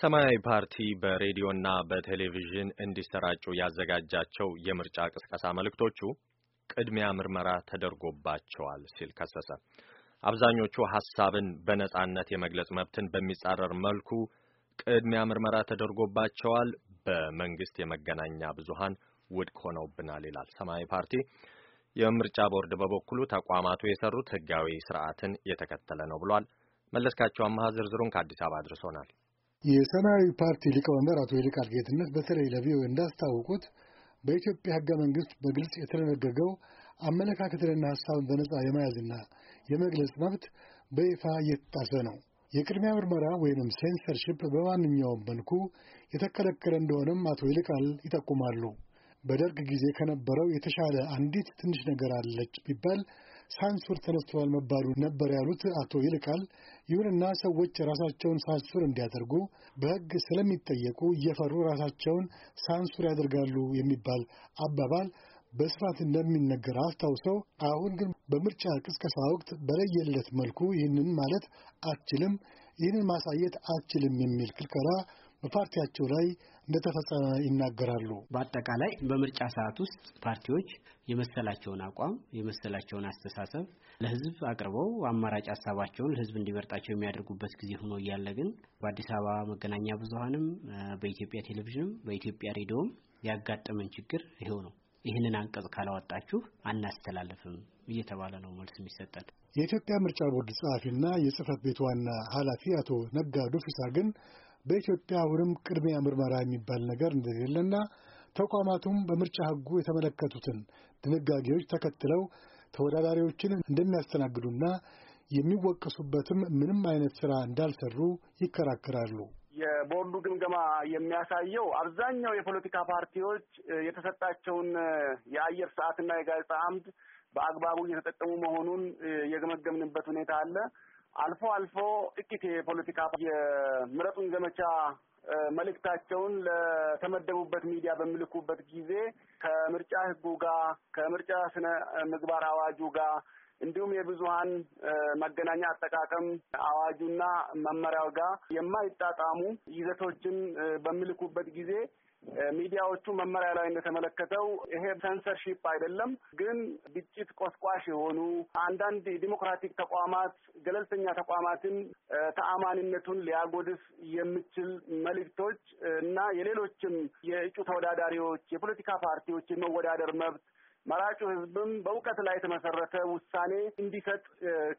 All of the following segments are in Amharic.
ሰማያዊ ፓርቲ በሬዲዮና በቴሌቪዥን እንዲሰራጩ ያዘጋጃቸው የምርጫ ቅስቀሳ መልእክቶቹ ቅድሚያ ምርመራ ተደርጎባቸዋል ሲል ከሰሰ። አብዛኞቹ ሐሳብን በነጻነት የመግለጽ መብትን በሚጻረር መልኩ ቅድሚያ ምርመራ ተደርጎባቸዋል፣ በመንግስት የመገናኛ ብዙሃን ውድቅ ሆነውብናል ይላል ሰማያዊ ፓርቲ። የምርጫ ቦርድ በበኩሉ ተቋማቱ የሰሩት ህጋዊ ስርዓትን የተከተለ ነው ብሏል። መለስካቸው አማሃ ዝርዝሩን ከአዲስ አበባ አድርሶናል። የሰማያዊ ፓርቲ ሊቀመንበር አቶ ይልቃል ጌትነት በተለይ ለቪኦኤ እንዳስታወቁት በኢትዮጵያ ህገ መንግስት በግልጽ የተደነገገው አመለካከትንና ሀሳብን በነጻ የመያዝና የመግለጽ መብት በይፋ እየተጣሰ ነው። የቅድሚያ ምርመራ ወይንም ሴንሰርሺፕ በማንኛውም መልኩ የተከለከለ እንደሆነም አቶ ይልቃል ይጠቁማሉ። በደርግ ጊዜ ከነበረው የተሻለ አንዲት ትንሽ ነገር አለች ቢባል ሳንሱር ተነስቷል መባሉ ነበር ያሉት አቶ ይልቃል፣ ይሁንና ሰዎች ራሳቸውን ሳንሱር እንዲያደርጉ በሕግ ስለሚጠየቁ እየፈሩ ራሳቸውን ሳንሱር ያደርጋሉ የሚባል አባባል በስፋት እንደሚነገር አስታውሰው፣ አሁን ግን በምርጫ ቅስቀሳ ወቅት በለየለት መልኩ ይህንን ማለት አትችልም፣ ይህንን ማሳየት አትችልም የሚል ክልከላ በፓርቲያቸው ላይ እንደተፈጸመ ይናገራሉ። በአጠቃላይ በምርጫ ሰዓት ውስጥ ፓርቲዎች የመሰላቸውን አቋም የመሰላቸውን አስተሳሰብ ለህዝብ አቅርበው አማራጭ ሀሳባቸውን ለህዝብ እንዲመርጣቸው የሚያደርጉበት ጊዜ ሆኖ እያለ ግን በአዲስ አበባ መገናኛ ብዙሀንም በኢትዮጵያ ቴሌቪዥንም በኢትዮጵያ ሬዲዮም ያጋጠመን ችግር ይሄው ነው። ይህንን አንቀጽ ካላወጣችሁ አናስተላልፍም እየተባለ ነው መልስ የሚሰጠን። የኢትዮጵያ ምርጫ ቦርድ ጸሐፊና የጽህፈት ቤት ዋና ኃላፊ አቶ ነጋ ዱፊሳ ግን በኢትዮጵያ አሁንም ቅድሚያ ምርመራ የሚባል ነገር እንደሌለና ተቋማቱም በምርጫ ሕጉ የተመለከቱትን ድንጋጌዎች ተከትለው ተወዳዳሪዎችን እንደሚያስተናግዱና የሚወቀሱበትም ምንም አይነት ስራ እንዳልሰሩ ይከራከራሉ። የቦርዱ ግምገማ የሚያሳየው አብዛኛው የፖለቲካ ፓርቲዎች የተሰጣቸውን የአየር ሰዓትና የጋዜጣ አምድ በአግባቡ እየተጠቀሙ መሆኑን የገመገምንበት ሁኔታ አለ። አልፎ አልፎ ጥቂት የፖለቲካ የምረጡን ዘመቻ መልእክታቸውን ለተመደቡበት ሚዲያ በሚልኩበት ጊዜ ከምርጫ ህጉ ጋር ከምርጫ ስነ ምግባር አዋጁ ጋር እንዲሁም የብዙሀን መገናኛ አጠቃቀም አዋጁና መመሪያው ጋር የማይጣጣሙ ይዘቶችን በሚልኩበት ጊዜ ሚዲያዎቹ መመሪያ ላይ እንደተመለከተው ይሄ ሰንሰርሺፕ አይደለም፣ ግን ግጭት ቆስቋሽ የሆኑ አንዳንድ ዲሞክራቲክ ተቋማት ገለልተኛ ተቋማትን ተአማኒነቱን ሊያጎድፍ የሚችል መልእክቶች እና የሌሎችም የእጩ ተወዳዳሪዎች የፖለቲካ ፓርቲዎች የመወዳደር መብት መራጩ ህዝብም በእውቀት ላይ የተመሰረተ ውሳኔ እንዲሰጥ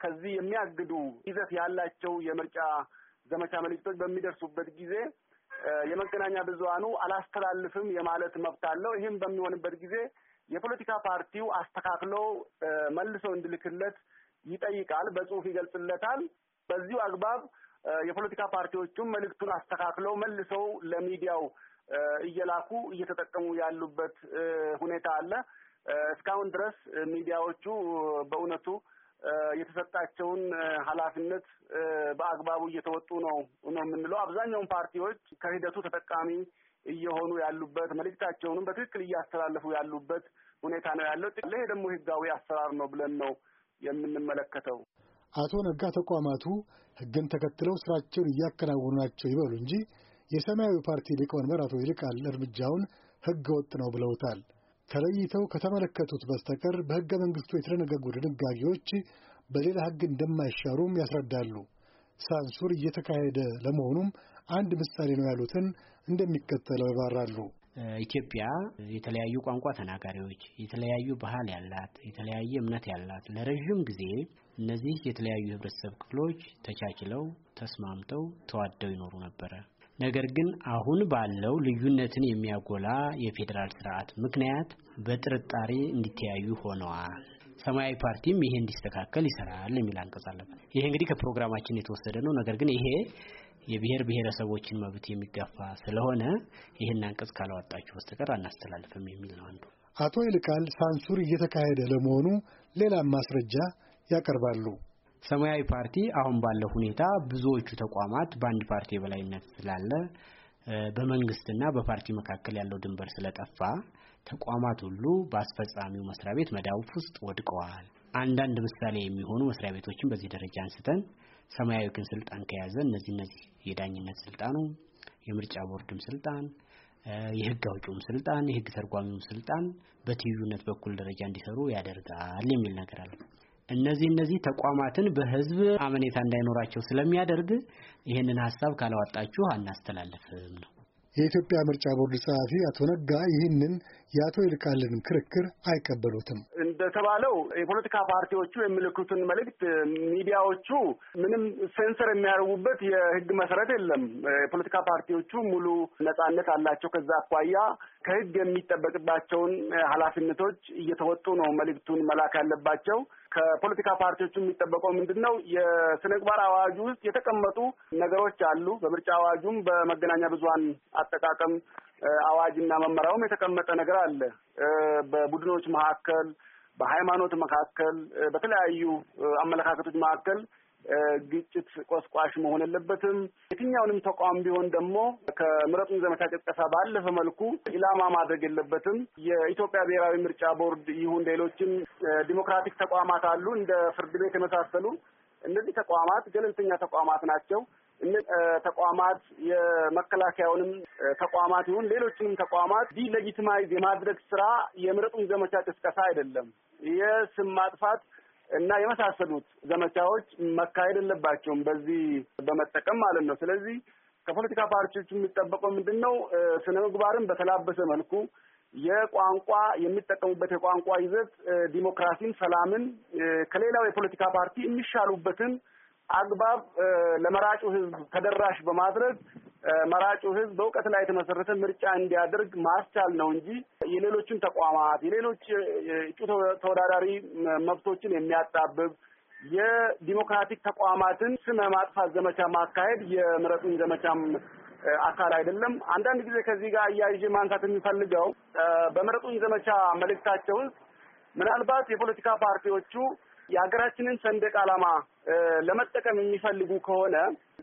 ከዚህ የሚያግዱ ይዘት ያላቸው የምርጫ ዘመቻ መልእክቶች በሚደርሱበት ጊዜ የመገናኛ ብዙሃኑ አላስተላልፍም የማለት መብት አለው። ይህም በሚሆንበት ጊዜ የፖለቲካ ፓርቲው አስተካክሎ መልሶ እንዲልክለት ይጠይቃል፣ በጽሁፍ ይገልጽለታል። በዚሁ አግባብ የፖለቲካ ፓርቲዎቹም መልእክቱን አስተካክለው መልሰው ለሚዲያው እየላኩ እየተጠቀሙ ያሉበት ሁኔታ አለ። እስካሁን ድረስ ሚዲያዎቹ በእውነቱ የተሰጣቸውን ኃላፊነት በአግባቡ እየተወጡ ነው ነው የምንለው። አብዛኛውን ፓርቲዎች ከሂደቱ ተጠቃሚ እየሆኑ ያሉበት መልእክታቸውንም በትክክል እያስተላለፉ ያሉበት ሁኔታ ነው ያለው። ይሄ ደግሞ ህጋዊ አሰራር ነው ብለን ነው የምንመለከተው። አቶ ነጋ ተቋማቱ ህግን ተከትለው ስራቸውን እያከናወኑ ናቸው ይበሉ እንጂ የሰማያዊ ፓርቲ ሊቀመንበር አቶ ይልቃል እርምጃውን ህገ ወጥ ነው ብለውታል። ተለይተው ከተመለከቱት በስተቀር በሕገ መንግሥቱ የተደነገጉ ድንጋጌዎች በሌላ ሕግ እንደማይሻሩም ያስረዳሉ። ሳንሱር እየተካሄደ ለመሆኑም አንድ ምሳሌ ነው ያሉትን እንደሚከተለው ይባራሉ። ኢትዮጵያ የተለያዩ ቋንቋ ተናጋሪዎች፣ የተለያዩ ባህል ያላት፣ የተለያየ እምነት ያላት ለረዥም ጊዜ እነዚህ የተለያዩ ህብረተሰብ ክፍሎች ተቻችለው ተስማምተው ተዋደው ይኖሩ ነበረ። ነገር ግን አሁን ባለው ልዩነትን የሚያጎላ የፌዴራል ስርዓት ምክንያት በጥርጣሬ እንዲተያዩ ሆነዋል። ሰማያዊ ፓርቲም ይሄ እንዲስተካከል ይሰራል የሚል አንቀጽ አለበት። ይሄ እንግዲህ ከፕሮግራማችን የተወሰደ ነው። ነገር ግን ይሄ የብሔር ብሔረሰቦችን መብት የሚጋፋ ስለሆነ ይህን አንቀጽ ካላወጣችሁ በስተቀር አናስተላልፍም የሚል ነው አንዱ። አቶ ይልቃል ሳንሱር እየተካሄደ ለመሆኑ ሌላም ማስረጃ ያቀርባሉ። ሰማያዊ ፓርቲ አሁን ባለው ሁኔታ ብዙዎቹ ተቋማት በአንድ ፓርቲ የበላይነት ስላለ በመንግስትና በፓርቲ መካከል ያለው ድንበር ስለጠፋ ተቋማት ሁሉ በአስፈጻሚው መስሪያ ቤት መዳፍ ውስጥ ወድቀዋል። አንዳንድ ምሳሌ የሚሆኑ መስሪያ ቤቶችን በዚህ ደረጃ አንስተን ሰማያዊ ግን ስልጣን ከያዘ እነዚህ እነዚህ የዳኝነት ስልጣኑ፣ የምርጫ ቦርድም ስልጣን፣ የህግ አውጭም ስልጣን፣ የህግ ተርጓሚውም ስልጣን በትይዩነት በኩል ደረጃ እንዲሰሩ ያደርጋል የሚል ነገር አለ። እነዚህ እነዚህ ተቋማትን በህዝብ አመኔታ እንዳይኖራቸው ስለሚያደርግ ይህንን ሀሳብ ካላወጣችሁ አናስተላልፍም ነው። የኢትዮጵያ ምርጫ ቦርድ ጸሐፊ አቶ ነጋ ይህንን የአቶ ይልቃልን ክርክር አይቀበሉትም። እንደተባለው የፖለቲካ ፓርቲዎቹ የሚልኩትን መልእክት ሚዲያዎቹ ምንም ሴንሰር የሚያደርጉበት የህግ መሰረት የለም። የፖለቲካ ፓርቲዎቹ ሙሉ ነጻነት አላቸው። ከዛ አኳያ ከህግ የሚጠበቅባቸውን ኃላፊነቶች እየተወጡ ነው መልእክቱን መላክ ያለባቸው። ከፖለቲካ ፓርቲዎቹ የሚጠበቀው ምንድን ነው? የስነ ምግባር አዋጁ ውስጥ የተቀመጡ ነገሮች አሉ። በምርጫ አዋጁም በመገናኛ ብዙሀን አጠቃቀም አዋጅና መመሪያውም የተቀመጠ ነገር አለ። በቡድኖች መካከል፣ በሃይማኖት መካከል፣ በተለያዩ አመለካከቶች መካከል ግጭት ቆስቋሽ መሆን የለበትም። የትኛውንም ተቋም ቢሆን ደግሞ ከምረጡን ዘመቻ ቅስቀሳ ባለፈ መልኩ ኢላማ ማድረግ የለበትም። የኢትዮጵያ ብሔራዊ ምርጫ ቦርድ ይሁን ሌሎችም ዲሞክራቲክ ተቋማት አሉ፣ እንደ ፍርድ ቤት የመሳሰሉ እነዚህ ተቋማት ገለልተኛ ተቋማት ናቸው። ተቋማት የመከላከያውንም ተቋማት ይሁን ሌሎችንም ተቋማት ዲሌጂቲማይዝ የማድረግ ስራ የምረጡን ዘመቻ ቅስቀሳ አይደለም። የስም ማጥፋት እና የመሳሰሉት ዘመቻዎች መካሄድ የለባቸውም በዚህ በመጠቀም ማለት ነው። ስለዚህ ከፖለቲካ ፓርቲዎች የሚጠበቀው ምንድን ነው? ስነ ምግባርን በተላበሰ መልኩ የቋንቋ የሚጠቀሙበት የቋንቋ ይዘት ዲሞክራሲን፣ ሰላምን ከሌላው የፖለቲካ ፓርቲ የሚሻሉበትን አግባብ ለመራጩ ሕዝብ ተደራሽ በማድረግ መራጩ ህዝብ በእውቀት ላይ የተመሰረተ ምርጫ እንዲያደርግ ማስቻል ነው እንጂ የሌሎችን ተቋማት የሌሎች እጩ ተወዳዳሪ መብቶችን የሚያጣብብ የዲሞክራቲክ ተቋማትን ስመ ማጥፋት ዘመቻ ማካሄድ የምረጡኝ ዘመቻም አካል አይደለም። አንዳንድ ጊዜ ከዚህ ጋር አያይዤ ማንሳት የሚፈልገው በምረጡኝ ዘመቻ መልእክታቸው ውስጥ ምናልባት የፖለቲካ ፓርቲዎቹ የሀገራችንን ሰንደቅ ዓላማ ለመጠቀም የሚፈልጉ ከሆነ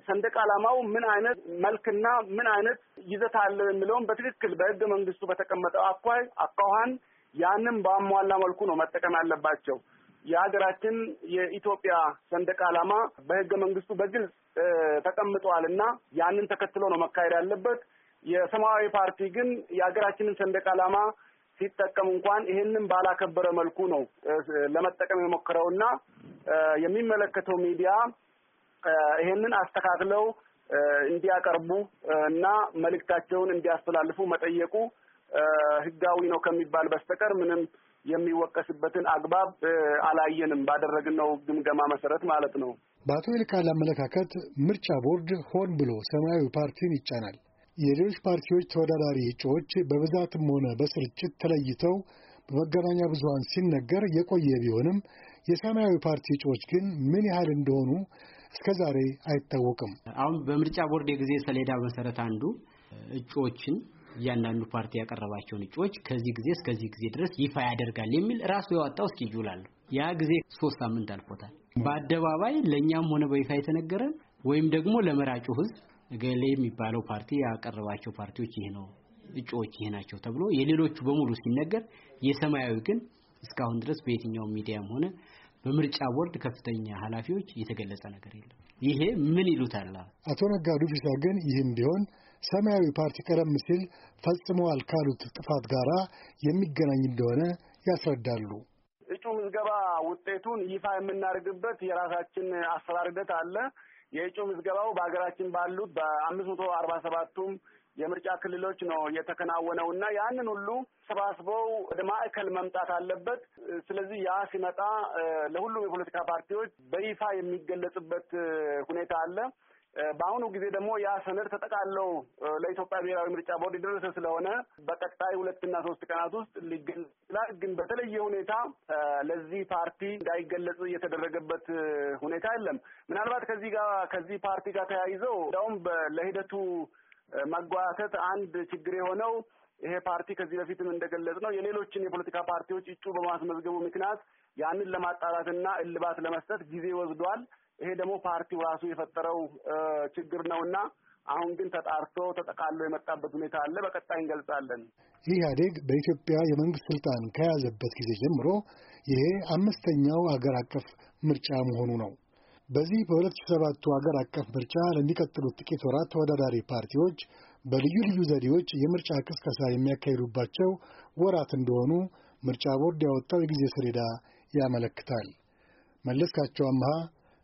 ሰንደቅ ዓላማው ምን አይነት መልክና ምን አይነት ይዘት አለ የሚለውን በትክክል በህገ መንግስቱ በተቀመጠው አኳይ አኳኋን ያንን በአሟላ መልኩ ነው መጠቀም ያለባቸው። የሀገራችን የኢትዮጵያ ሰንደቅ ዓላማ በህገ መንግስቱ በግልጽ ተቀምጠዋል እና ያንን ተከትሎ ነው መካሄድ ያለበት። የሰማያዊ ፓርቲ ግን የሀገራችንን ሰንደቅ ዓላማ ሲጠቀም እንኳን ይሄንን ባላከበረ መልኩ ነው ለመጠቀም እና የሚመለከተው ሚዲያ ይሄንን አስተካክለው እንዲያቀርቡ እና መልእክታቸውን እንዲያስተላልፉ መጠየቁ ህጋዊ ነው ከሚባል በስተቀር ምንም የሚወቀስበትን አግባብ አላየንም፣ ባደረግነው ግምገማ መሰረት ማለት ነው። በአቶ ይልቃል አመለካከት ምርጫ ቦርድ ሆን ብሎ ሰማያዊ ፓርቲን ይጫናል የሌሎች ፓርቲዎች ተወዳዳሪ እጩዎች በብዛትም ሆነ በስርጭት ተለይተው በመገናኛ ብዙሀን ሲነገር የቆየ ቢሆንም የሰማያዊ ፓርቲ እጩዎች ግን ምን ያህል እንደሆኑ እስከ ዛሬ አይታወቅም። አሁን በምርጫ ቦርድ የጊዜ ሰሌዳ መሰረት አንዱ እጩዎችን እያንዳንዱ ፓርቲ ያቀረባቸውን እጩዎች ከዚህ ጊዜ እስከዚህ ጊዜ ድረስ ይፋ ያደርጋል የሚል ራሱ ያወጣው እስኬጁል አለ። ያ ጊዜ ሶስት ሳምንት አልፎታል። በአደባባይ ለእኛም ሆነ በይፋ የተነገረን ወይም ደግሞ ለመራጩ ህዝብ እገሌ የሚባለው ፓርቲ ያቀረባቸው ፓርቲዎች ይሄ ነው፣ እጩዎች ይሄ ናቸው ተብሎ የሌሎቹ በሙሉ ሲነገር የሰማያዊ ግን እስካሁን ድረስ በየትኛው ሚዲያም ሆነ በምርጫ ቦርድ ከፍተኛ ኃላፊዎች የተገለጸ ነገር የለም። ይሄ ምን ይሉታል? አቶ ነጋዱ ፊሳ ግን ይህም ቢሆን ሰማያዊ ፓርቲ ቀደም ሲል ፈጽመዋል ካሉት ጥፋት ጋራ የሚገናኝ እንደሆነ ያስረዳሉ። እጩ ምዝገባ ውጤቱን ይፋ የምናደርግበት የራሳችን አሰራር ሂደት አለ። የእጩ ምዝገባው በሀገራችን ባሉት በአምስት መቶ አርባ ሰባቱም የምርጫ ክልሎች ነው የተከናወነው እና ያንን ሁሉ ሰባስበው ወደ ማዕከል መምጣት አለበት። ስለዚህ ያ ሲመጣ ለሁሉም የፖለቲካ ፓርቲዎች በይፋ የሚገለጽበት ሁኔታ አለ። በአሁኑ ጊዜ ደግሞ ያ ሰነድ ተጠቃለው ለኢትዮጵያ ብሔራዊ ምርጫ ቦርድ ደረሰ ስለሆነ በቀጣይ ሁለትና ሶስት ቀናት ውስጥ ሊገለጽ ይችላል። ግን በተለየ ሁኔታ ለዚህ ፓርቲ እንዳይገለጽ የተደረገበት ሁኔታ የለም። ምናልባት ከዚህ ጋር ከዚህ ፓርቲ ጋር ተያይዘው እንዲያውም ለሂደቱ መጓተት አንድ ችግር የሆነው ይሄ ፓርቲ ከዚህ በፊትም እንደገለጽ ነው የሌሎችን የፖለቲካ ፓርቲዎች እጩ በማስመዝገቡ ምክንያት ያንን ለማጣራትና እልባት ለመስጠት ጊዜ ወስዷል። ይሄ ደግሞ ፓርቲው ራሱ የፈጠረው ችግር ነው እና አሁን ግን ተጣርቶ ተጠቃሎ የመጣበት ሁኔታ አለ። በቀጣይ እንገልጻለን። ኢህአዴግ በኢትዮጵያ የመንግስት ስልጣን ከያዘበት ጊዜ ጀምሮ ይሄ አምስተኛው አገር አቀፍ ምርጫ መሆኑ ነው። በዚህ በ 2007 ሰባቱ አገር አቀፍ ምርጫ ለሚቀጥሉት ጥቂት ወራት ተወዳዳሪ ፓርቲዎች በልዩ ልዩ ዘዴዎች የምርጫ ቅስቀሳ የሚያካሂዱባቸው ወራት እንደሆኑ ምርጫ ቦርድ ያወጣው የጊዜ ሰሌዳ ያመለክታል። መለስካቸው አምሃ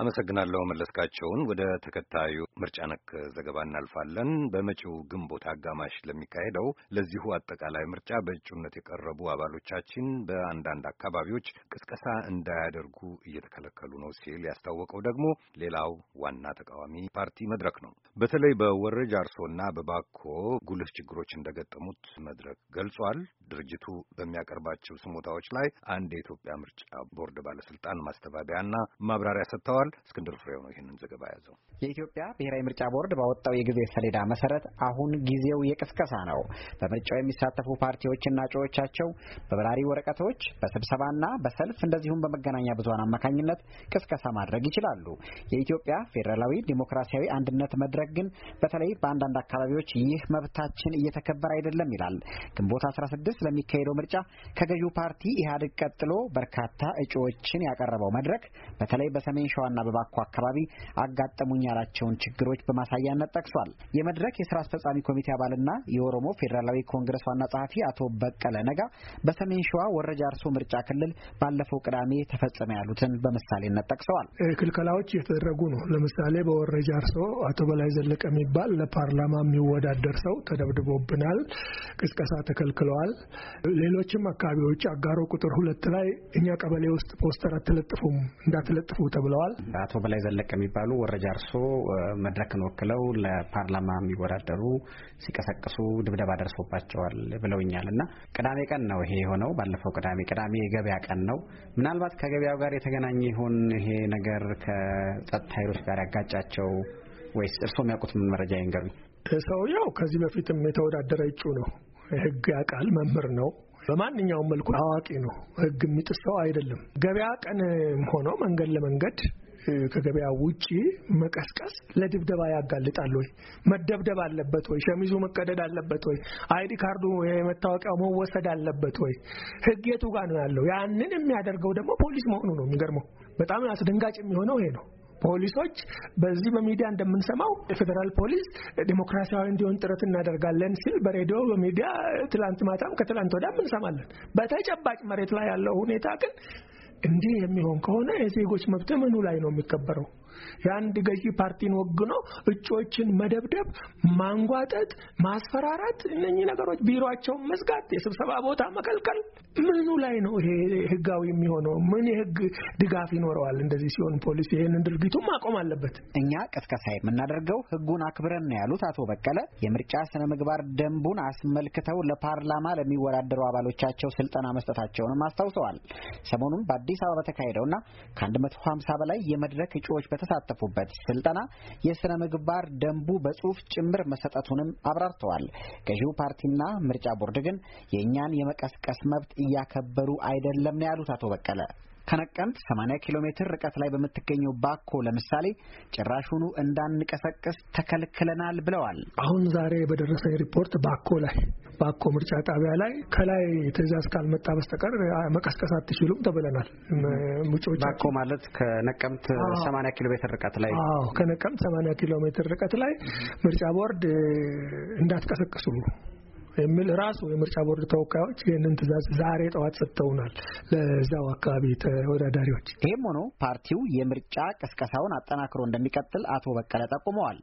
አመሰግናለሁ መለስካቸውን። ወደ ተከታዩ ምርጫ ነክ ዘገባ እናልፋለን። በመጪው ግንቦት አጋማሽ ለሚካሄደው ለዚሁ አጠቃላይ ምርጫ በእጩነት የቀረቡ አባሎቻችን በአንዳንድ አካባቢዎች ቅስቀሳ እንዳያደርጉ እየተከለከሉ ነው ሲል ያስታወቀው ደግሞ ሌላው ዋና ተቃዋሚ ፓርቲ መድረክ ነው። በተለይ በወረ ጃርሶና በባኮ ጉልህ ችግሮች እንደገጠሙት መድረክ ገልጿል። ድርጅቱ በሚያቀርባቸው ስሞታዎች ላይ አንድ የኢትዮጵያ ምርጫ ቦርድ ባለስልጣን ማስተባበያና ማብራሪያ ሰጥተዋል። ተካሂዷል። እስክንድር ፍሬው ነው ይህንን ዘገባ ያዘው። የኢትዮጵያ ብሔራዊ ምርጫ ቦርድ ባወጣው የጊዜ ሰሌዳ መሰረት አሁን ጊዜው የቅስቀሳ ነው። በምርጫው የሚሳተፉ ፓርቲዎችና እጩዎቻቸው በበራሪ ወረቀቶች በስብሰባና በሰልፍ እንደዚሁም በመገናኛ ብዙሀን አማካኝነት ቅስቀሳ ማድረግ ይችላሉ። የኢትዮጵያ ፌዴራላዊ ዴሞክራሲያዊ አንድነት መድረክ ግን በተለይ በአንዳንድ አካባቢዎች ይህ መብታችን እየተከበረ አይደለም ይላል። ግንቦት 16 ለሚካሄደው ምርጫ ከገዢው ፓርቲ ኢህአዴግ ቀጥሎ በርካታ እጩዎችን ያቀረበው መድረክ በተለይ በሰሜን ሸዋ በአዲስአበባና በባኮ አካባቢ አጋጠሙኝ ያላቸውን ችግሮች በማሳያነት ጠቅሷል። የመድረክ የስራ አስፈጻሚ ኮሚቴ አባልና የኦሮሞ ፌዴራላዊ ኮንግረስ ዋና ጸሐፊ አቶ በቀለ ነጋ በሰሜን ሸዋ ወረጃ አርሶ ምርጫ ክልል ባለፈው ቅዳሜ ተፈጸመ ያሉትን በምሳሌነት ጠቅሰዋል። ክልከላዎች እየተደረጉ ነው። ለምሳሌ በወረጃ አርሶ አቶ በላይ ዘለቀ የሚባል ለፓርላማ የሚወዳደር ሰው ተደብድቦብናል፣ ቅስቀሳ ተከልክለዋል። ሌሎችም አካባቢዎች አጋሮ ቁጥር ሁለት ላይ እኛ ቀበሌ ውስጥ ፖስተር አትለጥፉም እንዳትለጥፉ ተብለዋል። አቶ በላይ ዘለቀ የሚባሉ ወረጃ እርሶ መድረክን ወክለው ለፓርላማ የሚወዳደሩ ሲቀሰቅሱ ድብደባ ደርሶባቸዋል ብለውኛል እና ቅዳሜ ቀን ነው ይሄ የሆነው። ባለፈው ቅዳሜ ቅዳሜ የገበያ ቀን ነው። ምናልባት ከገበያው ጋር የተገናኘ ይሆን ይሄ ነገር ከጸጥታ ኃይሎች ጋር ያጋጫቸው ወይስ እርሶ የሚያውቁት ምን መረጃ ይንገሩኝ። ሰውየው ከዚህ በፊትም የተወዳደረ እጩ ነው። ህግ ያውቃል። መምህር ነው። በማንኛውም መልኩ አዋቂ ነው። ህግ የሚጥስ ሰው አይደለም። ገበያ ቀን ሆኖ መንገድ ለመንገድ ከገበያ ውጪ መቀስቀስ ለድብደባ ያጋልጣል ወይ? መደብደብ አለበት ወይ? ሸሚዙ መቀደድ አለበት ወይ? አይዲ ካርዱ የመታወቂያው መወሰድ አለበት ወይ? ህግ የቱ ጋር ነው ያለው? ያንን የሚያደርገው ደግሞ ፖሊስ መሆኑ ነው የሚገርመው። በጣም አስደንጋጭ የሚሆነው ይሄ ነው። ፖሊሶች በዚህ በሚዲያ እንደምንሰማው የፌዴራል ፖሊስ ዲሞክራሲያዊ እንዲሆን ጥረት እናደርጋለን ሲል በሬዲዮ በሚዲያ ትላንት ማታም ከትላንት ወዲያም እንሰማለን። በተጨባጭ መሬት ላይ ያለው ሁኔታ ግን እንዲህ የሚሆን ከሆነ የዜጎች መብት ምኑ ላይ ነው የሚከበረው? የአንድ ገዢ ፓርቲን ወግኖ እጩዎችን መደብደብ፣ ማንጓጠጥ፣ ማስፈራራት፣ እነኚህ ነገሮች ቢሮአቸውን መዝጋት፣ የስብሰባ ቦታ መከልከል ምኑ ላይ ነው ይሄ ህጋዊ የሚሆነው? ምን የህግ ድጋፍ ይኖረዋል? እንደዚህ ሲሆን ፖሊስ ይህንን ድርጊቱ ማቆም አለበት። እኛ ቀስቀሳ የምናደርገው ህጉን አክብረን ነው ያሉት አቶ በቀለ የምርጫ ስነ ምግባር ደንቡን አስመልክተው ለፓርላማ ለሚወዳደሩ አባሎቻቸው ስልጠና መስጠታቸውንም አስታውሰዋል። ሰሞኑን በአዲስ አበባ በተካሄደውና ከ150 በላይ የመድረክ እጩዎች የተሳተፉበት ስልጠና የሥነ ምግባር ደንቡ በጽሁፍ ጭምር መሰጠቱንም አብራርተዋል። ገዢው ፓርቲና ምርጫ ቦርድ ግን የእኛን የመቀስቀስ መብት እያከበሩ አይደለም ነው ያሉት አቶ በቀለ ከነቀምት 80 ኪሎ ሜትር ርቀት ላይ በምትገኘው ባኮ ለምሳሌ ጭራሹኑ እንዳንቀሰቅስ ተከልክለናል ብለዋል። አሁን ዛሬ በደረሰ ሪፖርት ባኮ ላይ ባኮ ምርጫ ጣቢያ ላይ ከላይ ትዕዛዝ ካልመጣ በስተቀር መቀስቀስ አትችሉም ተብለናል። ባኮ ማለት ከነቀምት 80 ኪሎ ሜትር ርቀት ላይ አዎ፣ ከነቀምት 80 ኪሎ ሜትር ርቀት ላይ ምርጫ ቦርድ እንዳትቀሰቅሱ የሚል ራሱ የምርጫ ቦርድ ተወካዮች ይህንን ትዕዛዝ ዛሬ ጠዋት ሰጥተውናል ለዛው አካባቢ ተወዳዳሪዎች። ይህም ሆኖ ፓርቲው የምርጫ ቅስቀሳውን አጠናክሮ እንደሚቀጥል አቶ በቀለ ጠቁመዋል።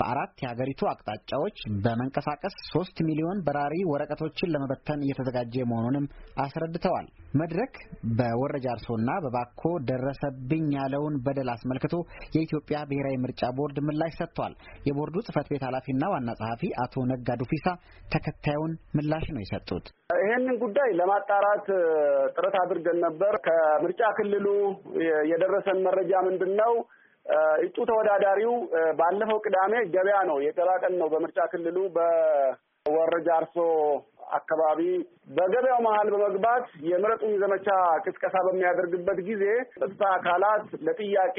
በአራት የሀገሪቱ አቅጣጫዎች በመንቀሳቀስ ሶስት ሚሊዮን በራሪ ወረቀቶችን ለመበተን እየተዘጋጀ መሆኑንም አስረድተዋል። መድረክ በወረጃ አርሶና በባኮ ደረሰብኝ ያለውን በደል አስመልክቶ የኢትዮጵያ ብሔራዊ ምርጫ ቦርድ ምላሽ ሰጥቷል። የቦርዱ ጽህፈት ቤት ኃላፊና ዋና ጸሐፊ አቶ ነጋዱ ፊሳ ተከታዩን ምላሽ ነው የሰጡት። ይህንን ጉዳይ ለማጣራት ጥረት አድርገን ነበር። ከምርጫ ክልሉ የደረሰን መረጃ ምንድን ነው? እጩ ተወዳዳሪው ባለፈው ቅዳሜ ገበያ ነው የገበያ ቀን ነው በምርጫ ክልሉ በወረ ጃርሶ አካባቢ በገበያው መሀል በመግባት የምረጡኝ ዘመቻ ቅስቀሳ በሚያደርግበት ጊዜ ጸጥታ አካላት ለጥያቄ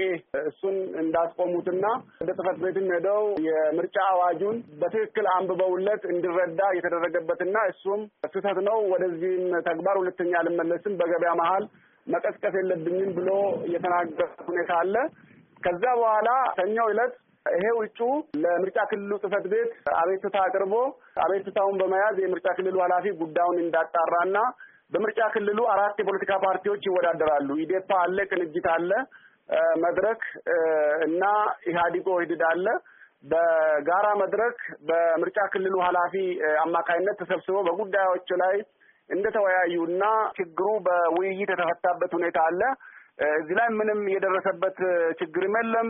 እሱን እንዳስቆሙትና ወደ ጽሕፈት ቤትም ሄደው የምርጫ አዋጁን በትክክል አንብበውለት እንዲረዳ የተደረገበትና እሱም ስህተት ነው፣ ወደዚህም ተግባር ሁለተኛ አልመለስም፣ በገበያ መሀል መቀስቀስ የለብኝም ብሎ የተናገረ ሁኔታ አለ። ከዛ በኋላ ሰኞ ዕለት ይሄ ውጩ ለምርጫ ክልሉ ጽህፈት ቤት አቤቱታ አቅርቦ አቤቱታውን በመያዝ የምርጫ ክልሉ ኃላፊ ጉዳዩን እንዳጣራና በምርጫ ክልሉ አራት የፖለቲካ ፓርቲዎች ይወዳደራሉ። ኢዴፓ አለ፣ ቅንጅት አለ፣ መድረክ እና ኢህአዲጎ ኢህድድ አለ። በጋራ መድረክ በምርጫ ክልሉ ኃላፊ አማካይነት ተሰብስበው በጉዳዮች ላይ እንደተወያዩና ችግሩ በውይይት የተፈታበት ሁኔታ አለ። እዚህ ላይ ምንም የደረሰበት ችግርም የለም።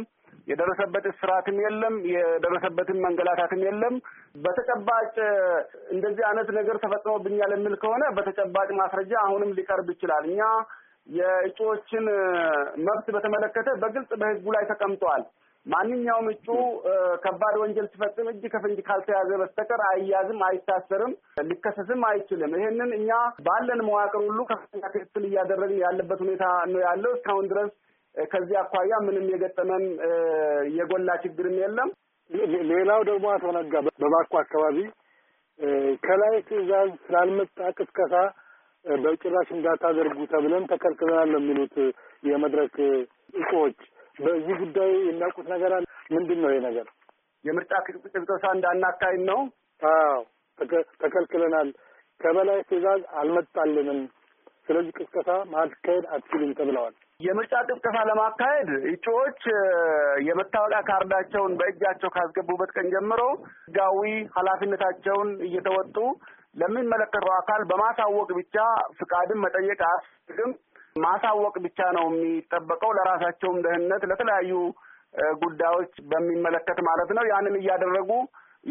የደረሰበት እስራትም የለም። የደረሰበትም መንገላታትም የለም። በተጨባጭ እንደዚህ አይነት ነገር ተፈጽሞብኛል የሚል ከሆነ በተጨባጭ ማስረጃ አሁንም ሊቀርብ ይችላል። እኛ የእጩዎችን መብት በተመለከተ በግልጽ በሕጉ ላይ ተቀምጧል። ማንኛውም እጩ ከባድ ወንጀል ሲፈጽም እጅ ከፍንጅ ካልተያዘ በስተቀር አይያዝም፣ አይታሰርም፣ ሊከሰስም አይችልም። ይህንን እኛ ባለን መዋቅር ሁሉ ከፍተኛ ክትትል እያደረግን ያለበት ሁኔታ ነው ያለው። እስካሁን ድረስ ከዚህ አኳያ ምንም የገጠመን የጎላ ችግርም የለም። ሌላው ደግሞ አቶ ነጋ በባኮ አካባቢ ከላይ ትዕዛዝ ስላልመጣ ቅስቀሳ በጭራሽ እንዳታደርጉ ተብለን ተከልክለናል የሚሉት የመድረክ እጩዎች ጉዳይ የሚያውቁት ነገር አለ። ምንድን ነው ይሄ ነገር? የምርጫ ቅስቀሳ እንዳናካሄድ ነው። አዎ ተከልክለናል፣ ከበላይ ትዕዛዝ አልመጣልንም። ስለዚህ ቅስቀሳ ማካሄድ አትችሉም ተብለዋል። የምርጫ ቅስቀሳ ለማካሄድ እጩዎች የመታወቂያ ካርዳቸውን በእጃቸው ካስገቡበት ቀን ጀምሮ ህጋዊ ኃላፊነታቸውን እየተወጡ ለሚመለከተው አካል በማሳወቅ ብቻ ፍቃድን መጠየቅ አያስፈልግም። ማሳወቅ ብቻ ነው የሚጠበቀው። ለራሳቸውም ደህንነት፣ ለተለያዩ ጉዳዮች በሚመለከት ማለት ነው። ያንን እያደረጉ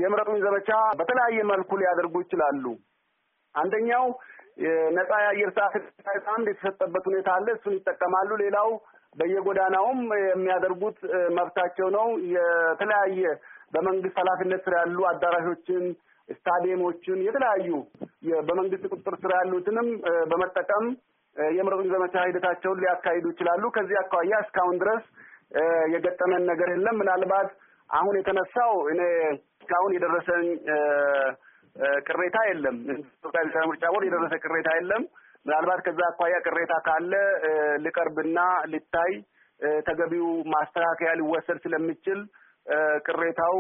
የምረጡኝ ዘመቻ በተለያየ መልኩ ሊያደርጉ ይችላሉ። አንደኛው ነጻ የአየር ሰዓት አንድ የተሰጠበት ሁኔታ አለ። እሱን ይጠቀማሉ። ሌላው በየጎዳናውም የሚያደርጉት መብታቸው ነው። የተለያየ በመንግስት ኃላፊነት ስር ያሉ አዳራሾችን፣ ስታዲየሞችን፣ የተለያዩ በመንግስት ቁጥጥር ስር ያሉትንም በመጠቀም የምረጡኝ ዘመቻ ሂደታቸውን ሊያካሂዱ ይችላሉ። ከዚህ አኳያ እስካሁን ድረስ የገጠመን ነገር የለም። ምናልባት አሁን የተነሳው እኔ እስካሁን የደረሰኝ ቅሬታ የለም። ብሔራዊ ምርጫ ቦርድ የደረሰ ቅሬታ የለም። ምናልባት ከዛ አኳያ ቅሬታ ካለ ሊቀርብና ሊታይ ተገቢው ማስተካከያ ሊወሰድ ስለሚችል ቅሬታው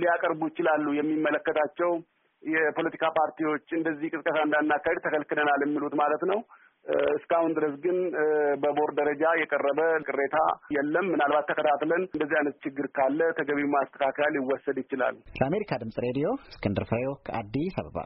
ሊያቀርቡ ይችላሉ የሚመለከታቸው የፖለቲካ ፓርቲዎች እንደዚህ ቅስቀሳ እንዳናካሄድ ተከልክለናል የሚሉት ማለት ነው። እስካሁን ድረስ ግን በቦርድ ደረጃ የቀረበ ቅሬታ የለም። ምናልባት ተከታትለን እንደዚህ አይነት ችግር ካለ ተገቢ ማስተካከያ ሊወሰድ ይችላል። ለአሜሪካ ድምጽ ሬዲዮ እስክንድር ፍሬው ከአዲስ አበባ